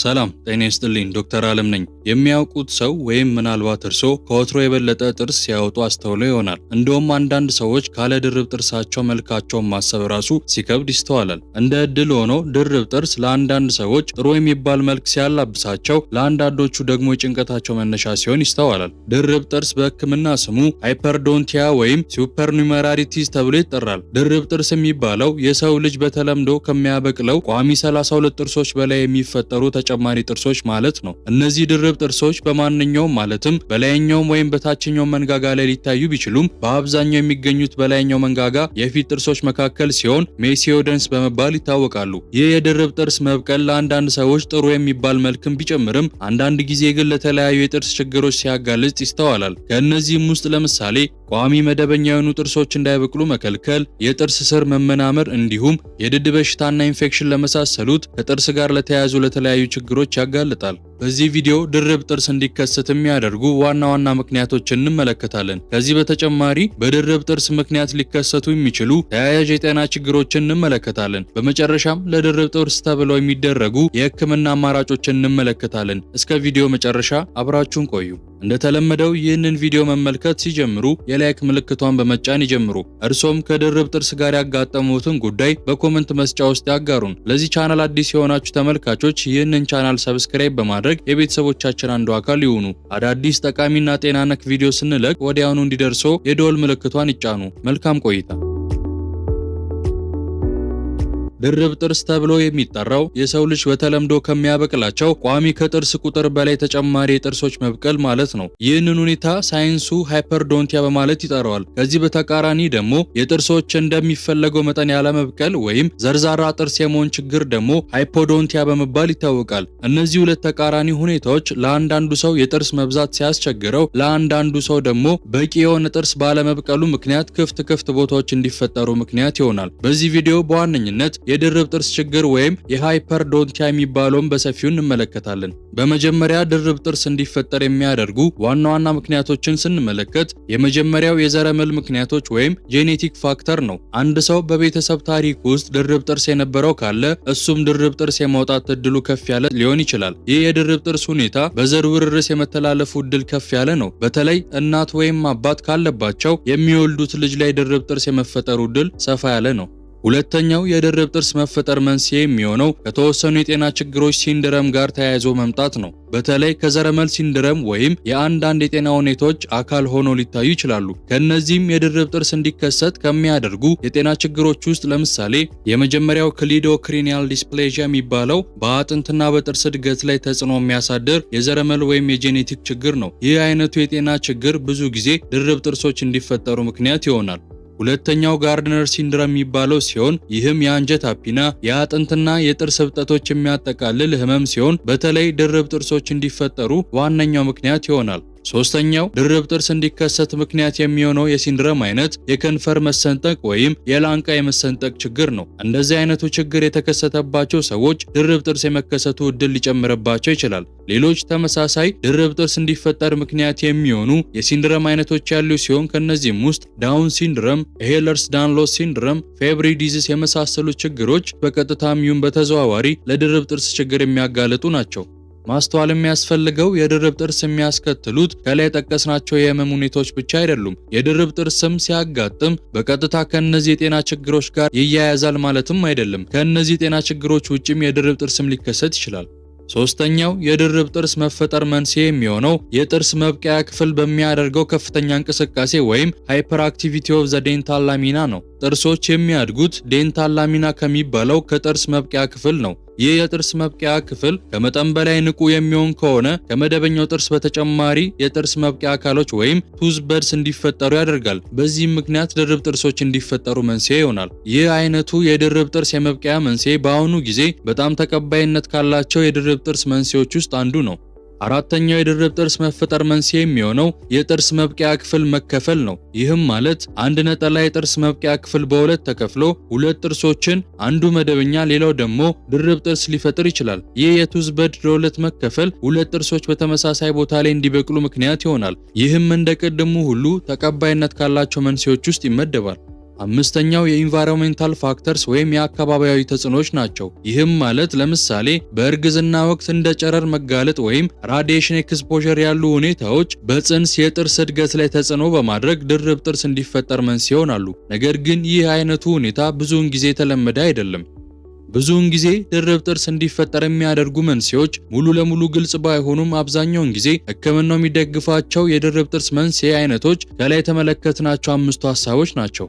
ሰላም ጤና ይስጥልኝ። ዶክተር አለም ነኝ። የሚያውቁት ሰው ወይም ምናልባት እርሶ ከወትሮ የበለጠ ጥርስ ሲያወጡ አስተውሎ ይሆናል። እንደውም አንዳንድ ሰዎች ካለ ድርብ ጥርሳቸው መልካቸውን ማሰብ ራሱ ሲከብድ ይስተዋላል። እንደ እድል ሆኖ ድርብ ጥርስ ለአንዳንድ ሰዎች ጥሩ የሚባል መልክ ሲያላብሳቸው፣ ለአንዳንዶቹ ደግሞ የጭንቀታቸው መነሻ ሲሆን ይስተዋላል። ድርብ ጥርስ በሕክምና ስሙ ሃይፐርዶንቲያ ወይም ሱፐርኒሜራሪቲስ ተብሎ ይጠራል። ድርብ ጥርስ የሚባለው የሰው ልጅ በተለምዶ ከሚያበቅለው ቋሚ 32 ጥርሶች በላይ የሚፈጠሩ ተጨማሪ ጥርሶች ማለት ነው። እነዚህ ድርብ ጥርሶች በማንኛውም ማለትም በላይኛውም ወይም በታችኛው መንጋጋ ላይ ሊታዩ ቢችሉም በአብዛኛው የሚገኙት በላይኛው መንጋጋ የፊት ጥርሶች መካከል ሲሆን ሜሲዮደንስ በመባል ይታወቃሉ። ይህ የድርብ ጥርስ መብቀል ለአንዳንድ ሰዎች ጥሩ የሚባል መልክም ቢጨምርም አንዳንድ ጊዜ ግን ለተለያዩ የጥርስ ችግሮች ሲያጋልጥ ይስተዋላል። ከእነዚህም ውስጥ ለምሳሌ ቋሚ መደበኛ የሆኑ ጥርሶች እንዳይበቅሉ መከልከል፣ የጥርስ ስር መመናመር እንዲሁም የድድ በሽታና ኢንፌክሽን ለመሳሰሉት ከጥርስ ጋር ለተያያዙ ለተለያዩ ችግሮች ያጋልጣል። በዚህ ቪዲዮ ድርብ ጥርስ እንዲከሰት የሚያደርጉ ዋና ዋና ምክንያቶች እንመለከታለን። ከዚህ በተጨማሪ በድርብ ጥርስ ምክንያት ሊከሰቱ የሚችሉ ተያያዥ የጤና ችግሮችን እንመለከታለን። በመጨረሻም ለድርብ ጥርስ ተብለው የሚደረጉ የሕክምና አማራጮችን እንመለከታለን። እስከ ቪዲዮ መጨረሻ አብራችሁን ቆዩ። እንደተለመደው ይህንን ቪዲዮ መመልከት ሲጀምሩ የላይክ ምልክቷን በመጫን ይጀምሩ። እርሶም ከድርብ ጥርስ ጋር ያጋጠሙትን ጉዳይ በኮመንት መስጫ ውስጥ ያጋሩን። ለዚህ ቻናል አዲስ የሆናችሁ ተመልካቾች ይህንን ቻናል ሰብስክራይብ በማድረግ በማድረግ የቤተሰቦቻችን አንዱ አካል ይሁኑ። አዳዲስ ጠቃሚና ጤና ነክ ቪዲዮ ስንለቅ ወዲያውኑ እንዲደርሶ የደወል ምልክቷን ይጫኑ። መልካም ቆይታ ድርብ ጥርስ ተብሎ የሚጠራው የሰው ልጅ በተለምዶ ከሚያበቅላቸው ቋሚ ከጥርስ ቁጥር በላይ ተጨማሪ የጥርሶች መብቀል ማለት ነው። ይህንን ሁኔታ ሳይንሱ ሃይፐርዶንቲያ በማለት ይጠራዋል። ከዚህ በተቃራኒ ደግሞ የጥርሶች እንደሚፈለገው መጠን ያለመብቀል ወይም ዘርዛራ ጥርስ የመሆን ችግር ደግሞ ሃይፖዶንቲያ በመባል ይታወቃል። እነዚህ ሁለት ተቃራኒ ሁኔታዎች ለአንዳንዱ ሰው የጥርስ መብዛት ሲያስቸግረው፣ ለአንዳንዱ ሰው ደግሞ በቂ የሆነ ጥርስ ባለመብቀሉ ምክንያት ክፍት ክፍት ቦታዎች እንዲፈጠሩ ምክንያት ይሆናል። በዚህ ቪዲዮ በዋነኝነት የድርብ ጥርስ ችግር ወይም የሃይፐርዶንቲያ የሚባለውን በሰፊው እንመለከታለን። በመጀመሪያ ድርብ ጥርስ እንዲፈጠር የሚያደርጉ ዋና ዋና ምክንያቶችን ስንመለከት የመጀመሪያው የዘረመል ምክንያቶች ወይም ጄኔቲክ ፋክተር ነው። አንድ ሰው በቤተሰብ ታሪክ ውስጥ ድርብ ጥርስ የነበረው ካለ እሱም ድርብ ጥርስ የማውጣት እድሉ ከፍ ያለ ሊሆን ይችላል። ይህ የድርብ ጥርስ ሁኔታ በዘር ውርርስ የመተላለፉ እድል ከፍ ያለ ነው። በተለይ እናት ወይም አባት ካለባቸው የሚወልዱት ልጅ ላይ ድርብ ጥርስ የመፈጠሩ እድል ሰፋ ያለ ነው። ሁለተኛው የድርብ ጥርስ መፈጠር መንስኤ የሚሆነው ከተወሰኑ የጤና ችግሮች ሲንድረም ጋር ተያይዞ መምጣት ነው። በተለይ ከዘረመል ሲንድረም ወይም የአንዳንድ የጤና ሁኔታዎች አካል ሆኖ ሊታዩ ይችላሉ። ከእነዚህም የድርብ ጥርስ እንዲከሰት ከሚያደርጉ የጤና ችግሮች ውስጥ ለምሳሌ የመጀመሪያው ክሊዶክሪኒያል ዲስፕሌዥያ የሚባለው በአጥንትና በጥርስ እድገት ላይ ተጽዕኖ የሚያሳድር የዘረመል ወይም የጄኔቲክ ችግር ነው። ይህ አይነቱ የጤና ችግር ብዙ ጊዜ ድርብ ጥርሶች እንዲፈጠሩ ምክንያት ይሆናል። ሁለተኛው ጋርድነር ሲንድረም የሚባለው ሲሆን ይህም የአንጀት አፒና የአጥንትና የጥርስ እብጠቶች የሚያጠቃልል ህመም ሲሆን በተለይ ድርብ ጥርሶች እንዲፈጠሩ ዋነኛው ምክንያት ይሆናል። ሶስተኛው ድርብ ጥርስ እንዲከሰት ምክንያት የሚሆነው የሲንድረም አይነት የከንፈር መሰንጠቅ ወይም የላንቃ የመሰንጠቅ ችግር ነው። እንደዚህ አይነቱ ችግር የተከሰተባቸው ሰዎች ድርብ ጥርስ የመከሰቱ እድል ሊጨምርባቸው ይችላል። ሌሎች ተመሳሳይ ድርብ ጥርስ እንዲፈጠር ምክንያት የሚሆኑ የሲንድረም አይነቶች ያሉ ሲሆን ከነዚህም ውስጥ ዳውን ሲንድረም፣ ሄለርስ ዳንሎስ ሲንድረም፣ ፌብሪ ዲዚስ የመሳሰሉ ችግሮች በቀጥታም ይሁን በተዘዋዋሪ ለድርብ ጥርስ ችግር የሚያጋልጡ ናቸው። ማስተዋል የሚያስፈልገው የድርብ ጥርስ የሚያስከትሉት ከላይ የጠቀስናቸው የህመም ሁኔታዎች ብቻ አይደሉም። የድርብ ጥርስም ሲያጋጥም በቀጥታ ከእነዚህ የጤና ችግሮች ጋር ይያያዛል ማለትም አይደለም። ከእነዚህ የጤና ችግሮች ውጭም የድርብ ጥርስም ሊከሰት ይችላል። ሶስተኛው የድርብ ጥርስ መፈጠር መንስኤ የሚሆነው የጥርስ መብቀያ ክፍል በሚያደርገው ከፍተኛ እንቅስቃሴ ወይም ሃይፐር አክቲቪቲ ኦፍ ዘ ዴንታል ላሚና ነው። ጥርሶች የሚያድጉት ዴንታል ላሚና ከሚባለው ከጥርስ መብቂያ ክፍል ነው። ይህ የጥርስ መብቂያ ክፍል ከመጠን በላይ ንቁ የሚሆን ከሆነ ከመደበኛው ጥርስ በተጨማሪ የጥርስ መብቂያ አካሎች ወይም ቱዝ በድስ እንዲፈጠሩ ያደርጋል። በዚህም ምክንያት ድርብ ጥርሶች እንዲፈጠሩ መንስኤ ይሆናል። ይህ አይነቱ የድርብ ጥርስ የመብቂያ መንስኤ በአሁኑ ጊዜ በጣም ተቀባይነት ካላቸው የድርብ ጥርስ መንስኤዎች ውስጥ አንዱ ነው። አራተኛው የድርብ ጥርስ መፈጠር መንስኤ የሚሆነው የጥርስ መብቂያ ክፍል መከፈል ነው። ይህም ማለት አንድ ነጠላ የጥርስ መብቂያ ክፍል በሁለት ተከፍሎ ሁለት ጥርሶችን አንዱ መደበኛ፣ ሌላው ደግሞ ድርብ ጥርስ ሊፈጥር ይችላል። ይህ የቱዝ በድ ለሁለት መከፈል ሁለት ጥርሶች በተመሳሳይ ቦታ ላይ እንዲበቅሉ ምክንያት ይሆናል። ይህም እንደ ቅድሙ ሁሉ ተቀባይነት ካላቸው መንስኤዎች ውስጥ ይመደባል። አምስተኛው የኢንቫይሮንሜንታል ፋክተርስ ወይም የአካባቢያዊ ተጽዕኖች ናቸው። ይህም ማለት ለምሳሌ በእርግዝና ወቅት እንደ ጨረር መጋለጥ ወይም ራዲየሽን ኤክስፖዠር ያሉ ሁኔታዎች በጽንስ የጥርስ እድገት ላይ ተጽዕኖ በማድረግ ድርብ ጥርስ እንዲፈጠር መንስኤ ይሆናሉ። ነገር ግን ይህ አይነቱ ሁኔታ ብዙውን ጊዜ የተለመደ አይደለም። ብዙውን ጊዜ ድርብ ጥርስ እንዲፈጠር የሚያደርጉ መንስኤዎች ሙሉ ለሙሉ ግልጽ ባይሆኑም አብዛኛውን ጊዜ ሕክምናው የሚደግፋቸው የድርብ ጥርስ መንስኤ አይነቶች ከላይ የተመለከትናቸው አምስቱ ሀሳቦች ናቸው።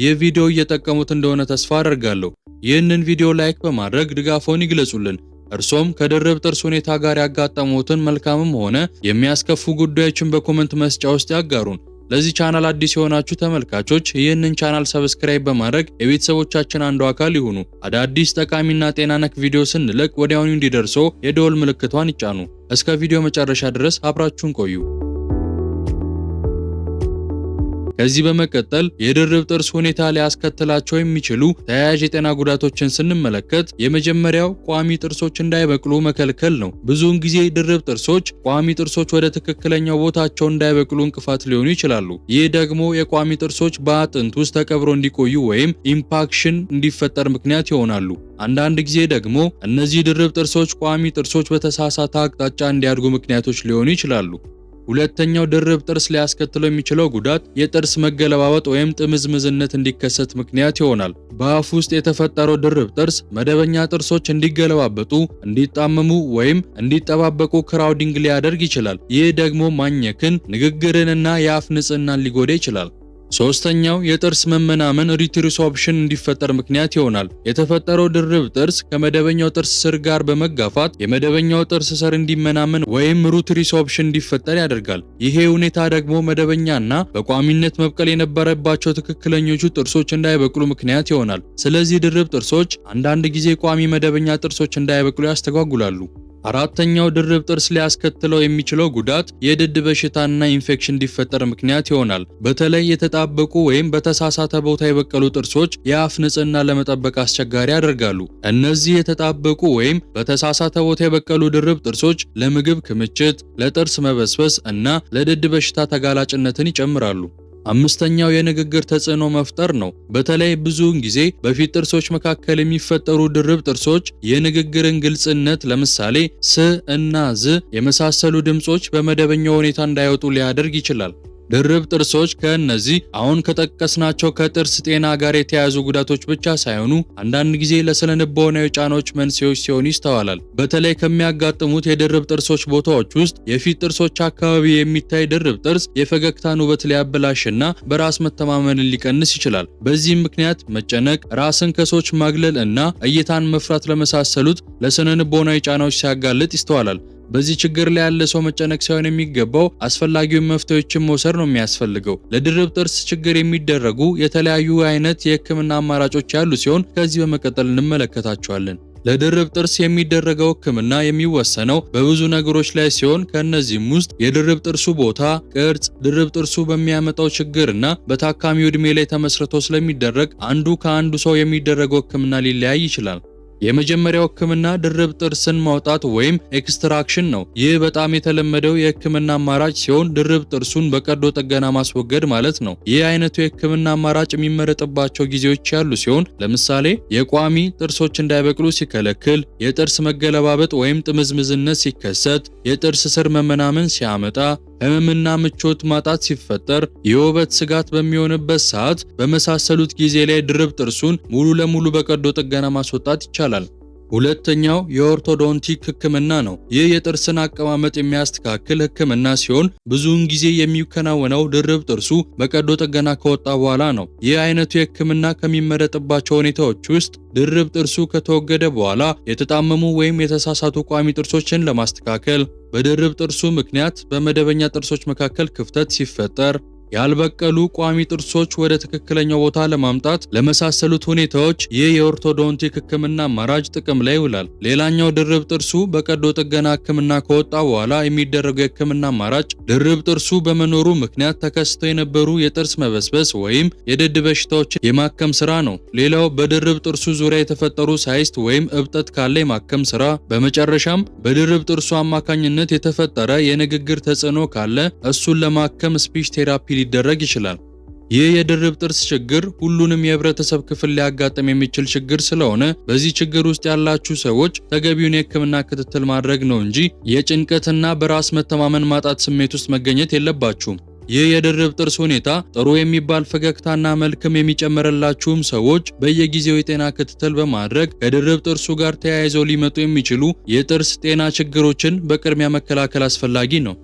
ይህ ቪዲዮ እየጠቀሙት እንደሆነ ተስፋ አደርጋለሁ። ይህንን ቪዲዮ ላይክ በማድረግ ድጋፎን ይግለጹልን። እርሶም ከድርብ ጥርስ ሁኔታ ጋር ያጋጠሙትን መልካምም ሆነ የሚያስከፉ ጉዳዮችን በኮመንት መስጫ ውስጥ ያጋሩን። ለዚህ ቻናል አዲስ የሆናችሁ ተመልካቾች ይህንን ቻናል ሰብስክራይብ በማድረግ የቤተሰቦቻችን አንዱ አካል ይሁኑ። አዳዲስ ጠቃሚና ጤና ነክ ቪዲዮ ስንለቅ ወዲያውኑ እንዲደርሶ የደወል ምልክቷን ይጫኑ። እስከ ቪዲዮ መጨረሻ ድረስ አብራችሁን ቆዩ። ከዚህ በመቀጠል የድርብ ጥርስ ሁኔታ ሊያስከትላቸው የሚችሉ ተያያዥ የጤና ጉዳቶችን ስንመለከት የመጀመሪያው ቋሚ ጥርሶች እንዳይበቅሉ መከልከል ነው። ብዙውን ጊዜ ድርብ ጥርሶች ቋሚ ጥርሶች ወደ ትክክለኛው ቦታቸው እንዳይበቅሉ እንቅፋት ሊሆኑ ይችላሉ። ይህ ደግሞ የቋሚ ጥርሶች በአጥንት ውስጥ ተቀብሮ እንዲቆዩ ወይም ኢምፓክሽን እንዲፈጠር ምክንያት ይሆናሉ። አንዳንድ ጊዜ ደግሞ እነዚህ ድርብ ጥርሶች ቋሚ ጥርሶች በተሳሳተ አቅጣጫ እንዲያድጉ ምክንያቶች ሊሆኑ ይችላሉ። ሁለተኛው ድርብ ጥርስ ሊያስከትለው የሚችለው ጉዳት የጥርስ መገለባበጥ ወይም ጥምዝምዝነት እንዲከሰት ምክንያት ይሆናል። በአፍ ውስጥ የተፈጠረው ድርብ ጥርስ መደበኛ ጥርሶች እንዲገለባበጡ፣ እንዲጣመሙ ወይም እንዲጠባበቁ ክራውዲንግ ሊያደርግ ይችላል። ይህ ደግሞ ማኘክን፣ ንግግርንና የአፍ ንጽህናን ሊጎዳ ይችላል። ሶስተኛው የጥርስ መመናመን ሪትሪሶፕሽን እንዲፈጠር ምክንያት ይሆናል። የተፈጠረው ድርብ ጥርስ ከመደበኛው ጥርስ ስር ጋር በመጋፋት የመደበኛው ጥርስ ስር እንዲመናመን ወይም ሩት ሪሶፕሽን እንዲፈጠር ያደርጋል። ይሄ ሁኔታ ደግሞ መደበኛና በቋሚነት መብቀል የነበረባቸው ትክክለኞቹ ጥርሶች እንዳይበቅሉ ምክንያት ይሆናል። ስለዚህ ድርብ ጥርሶች አንዳንድ ጊዜ ቋሚ መደበኛ ጥርሶች እንዳይበቅሉ ያስተጓጉላሉ። አራተኛው ድርብ ጥርስ ሊያስከትለው የሚችለው ጉዳት የድድ በሽታና ኢንፌክሽን እንዲፈጠር ምክንያት ይሆናል። በተለይ የተጣበቁ ወይም በተሳሳተ ቦታ የበቀሉ ጥርሶች የአፍ ንጽህና ለመጠበቅ አስቸጋሪ ያደርጋሉ። እነዚህ የተጣበቁ ወይም በተሳሳተ ቦታ የበቀሉ ድርብ ጥርሶች ለምግብ ክምችት፣ ለጥርስ መበስበስ እና ለድድ በሽታ ተጋላጭነትን ይጨምራሉ። አምስተኛው የንግግር ተጽዕኖ መፍጠር ነው። በተለይ ብዙውን ጊዜ በፊት ጥርሶች መካከል የሚፈጠሩ ድርብ ጥርሶች የንግግርን ግልጽነት ለምሳሌ ስ እና ዝ የመሳሰሉ ድምጾች በመደበኛ ሁኔታ እንዳይወጡ ሊያደርግ ይችላል። ድርብ ጥርሶች ከእነዚህ አሁን ከጠቀስናቸው ከጥርስ ጤና ጋር የተያያዙ ጉዳቶች ብቻ ሳይሆኑ አንዳንድ ጊዜ ለስነ ልቦናዊ ጫናዎች መንስኤዎች ሲሆኑ ይስተዋላል። በተለይ ከሚያጋጥሙት የድርብ ጥርሶች ቦታዎች ውስጥ የፊት ጥርሶች አካባቢ የሚታይ ድርብ ጥርስ የፈገግታን ውበት ሊያበላሽና በራስ መተማመንን ሊቀንስ ይችላል። በዚህም ምክንያት መጨነቅ፣ ራስን ከሰዎች ማግለል እና እይታን መፍራት ለመሳሰሉት ለስነ ልቦናዊ ጫናዎች ሲያጋልጥ ይስተዋላል። በዚህ ችግር ላይ ያለ ሰው መጨነቅ ሳይሆን የሚገባው አስፈላጊውን መፍትሄዎችን መውሰድ ነው የሚያስፈልገው። ለድርብ ጥርስ ችግር የሚደረጉ የተለያዩ አይነት የህክምና አማራጮች ያሉ ሲሆን ከዚህ በመቀጠል እንመለከታቸዋለን። ለድርብ ጥርስ የሚደረገው ህክምና የሚወሰነው በብዙ ነገሮች ላይ ሲሆን ከእነዚህም ውስጥ የድርብ ጥርሱ ቦታ፣ ቅርጽ፣ ድርብ ጥርሱ በሚያመጣው ችግርና በታካሚው ዕድሜ ላይ ተመስርቶ ስለሚደረግ አንዱ ከአንዱ ሰው የሚደረገው ህክምና ሊለያይ ይችላል። የመጀመሪያው ህክምና ድርብ ጥርስን ማውጣት ወይም ኤክስትራክሽን ነው። ይህ በጣም የተለመደው የህክምና አማራጭ ሲሆን ድርብ ጥርሱን በቀዶ ጥገና ማስወገድ ማለት ነው። ይህ አይነቱ የህክምና አማራጭ የሚመረጥባቸው ጊዜዎች ያሉ ሲሆን ለምሳሌ የቋሚ ጥርሶች እንዳይበቅሉ ሲከለክል፣ የጥርስ መገለባበጥ ወይም ጥምዝምዝነት ሲከሰት፣ የጥርስ ስር መመናመን ሲያመጣ፣ ህመምና ምቾት ማጣት ሲፈጠር የውበት ስጋት በሚሆንበት ሰዓት በመሳሰሉት ጊዜ ላይ ድርብ ጥርሱን ሙሉ ለሙሉ በቀዶ ጥገና ማስወጣት ይቻላል። ሁለተኛው የኦርቶዶንቲክ ህክምና ነው። ይህ የጥርስን አቀማመጥ የሚያስተካክል ህክምና ሲሆን ብዙውን ጊዜ የሚከናወነው ድርብ ጥርሱ በቀዶ ጥገና ከወጣ በኋላ ነው። ይህ አይነቱ የህክምና ከሚመረጥባቸው ሁኔታዎች ውስጥ ድርብ ጥርሱ ከተወገደ በኋላ የተጣመሙ ወይም የተሳሳቱ ቋሚ ጥርሶችን ለማስተካከል፣ በድርብ ጥርሱ ምክንያት በመደበኛ ጥርሶች መካከል ክፍተት ሲፈጠር ያልበቀሉ ቋሚ ጥርሶች ወደ ትክክለኛው ቦታ ለማምጣት ለመሳሰሉት ሁኔታዎች ይህ የኦርቶዶንቲክ ሕክምና አማራጭ ጥቅም ላይ ይውላል። ሌላኛው ድርብ ጥርሱ በቀዶ ጥገና ሕክምና ከወጣ በኋላ የሚደረገው የሕክምና አማራጭ ድርብ ጥርሱ በመኖሩ ምክንያት ተከስተው የነበሩ የጥርስ መበስበስ ወይም የድድ በሽታዎችን የማከም ስራ ነው። ሌላው በድርብ ጥርሱ ዙሪያ የተፈጠሩ ሳይስት ወይም እብጠት ካለ የማከም ስራ፣ በመጨረሻም በድርብ ጥርሱ አማካኝነት የተፈጠረ የንግግር ተጽዕኖ ካለ እሱን ለማከም ስፒች ቴራፒ ሊደረግ ይችላል። ይህ የድርብ ጥርስ ችግር ሁሉንም የህብረተሰብ ክፍል ሊያጋጥም የሚችል ችግር ስለሆነ በዚህ ችግር ውስጥ ያላችሁ ሰዎች ተገቢውን የህክምና ክትትል ማድረግ ነው እንጂ የጭንቀትና በራስ መተማመን ማጣት ስሜት ውስጥ መገኘት የለባችሁም። ይህ የድርብ ጥርስ ሁኔታ ጥሩ የሚባል ፈገግታና መልክም የሚጨምርላችሁም ሰዎች በየጊዜው የጤና ክትትል በማድረግ ከድርብ ጥርሱ ጋር ተያይዘው ሊመጡ የሚችሉ የጥርስ ጤና ችግሮችን በቅድሚያ መከላከል አስፈላጊ ነው።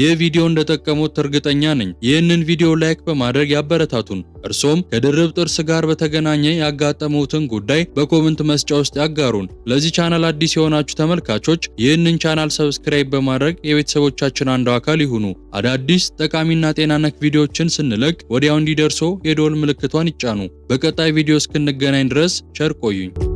ይህ ቪዲዮ እንደጠቀሙት እርግጠኛ ነኝ። ይህንን ቪዲዮ ላይክ በማድረግ ያበረታቱን። እርሶም ከድርብ ጥርስ ጋር በተገናኘ ያጋጠሙትን ጉዳይ በኮመንት መስጫ ውስጥ ያጋሩን። ለዚህ ቻናል አዲስ የሆናችሁ ተመልካቾች ይህንን ቻናል ሰብስክራይብ በማድረግ የቤተሰቦቻችን አንዱ አካል ይሁኑ። አዳዲስ ጠቃሚና ጤና ነክ ቪዲዮችን ስንለቅ ወዲያው እንዲደርሶ የደወል ምልክቷን ይጫኑ። በቀጣይ ቪዲዮ እስክንገናኝ ድረስ ቸር ቆዩኝ።